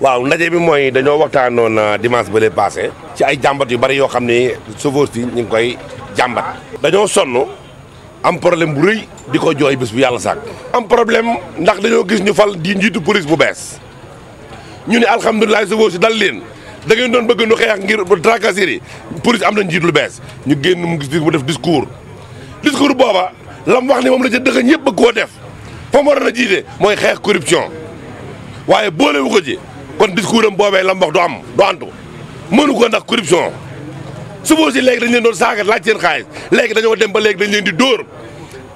waaw ndaje bi moy dañoo waxtaanoon euh, dimanche bële passé ci ay jàmbat yu bari yoo xam ne chauffeur yi ñu ngi koy jàmbat dañoo sonn am problème bu rëy di ko jooy bis bu yàlla sàkk am problème ndax dañoo gis ñu fal di njiitu police bu bees ñu ne alhamdulilah chauffeur si dal leen da ngeen doon bëgg ñu xeex ngir tracasserie police am na njiit lu bees ñu génn mu gis mu def discours discours booba lam wax ni moom la ca dëkk ñëpp bëgg koo def fa mu waroon a jiite mooy xeex corruption waaye wu ko ci kon discours am boobee la mu wax du am du antu mënu ko ndax corruption suba si léegi dañ leen doon saagat laaj seen xaalis léegi dañoo dem ba léegi dañ leen di dóor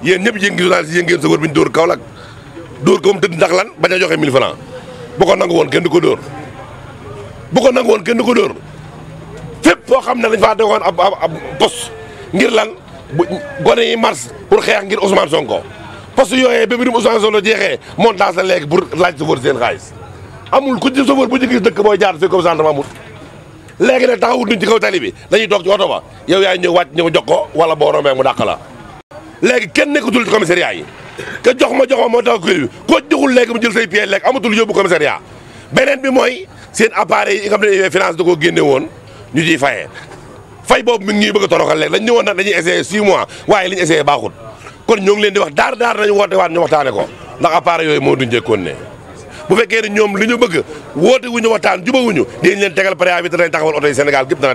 yéen ñëpp yéen ngi journaliste yéen ngeen sa wër bi ñu dóor Kaolack dóor ko moom tëdd ndax lan bañ a joxe 1000 francs bu ko nangu woon kenn du ko dóor bu ko woon kenn ko dóor fépp foo xam ne dañ faa defoon ab ab poste ngir lan bu gone yi mars pour xeex ngir Ousmane Sonko poste yooyee ba mbirum Ousmane Sonko jeexee montage la léegi pour laaj sa wër seen xaalis amul ku ji chauffeur bu ci gis dëkk booy jaar fii comme gendarme amul léegi nag taxawut duñ ci kaw tali bi dañuy toog ci oto ba yow yaay ñëw wàcc ñëw jox ko wala boo rombee mu dàq la léegi kenn nekkatul ci commissariat yi te jox ma jox ma moo tax kuréel bi koo joxul léegi mu jël say pied lekk amatul yóbbu commissariat beneen bi mooy seen appareil yi nga xam ne finance da koo génne woon ñu ji fayee fay boobu mi ngi bëgg a toroxal léegi dañ ñëwoon nag dañuy essayé 6 mois waaye daar daar nañu woote waat ñu waxtaane ko ndax appareil yooyu moo duñ jëkkoon ne bu fekkee ñoom li ñu bëgg woote wuñu waxtaan jubawuñu dañ leen tegal préavis danañ taxawal oto yi Sénégal gépp dana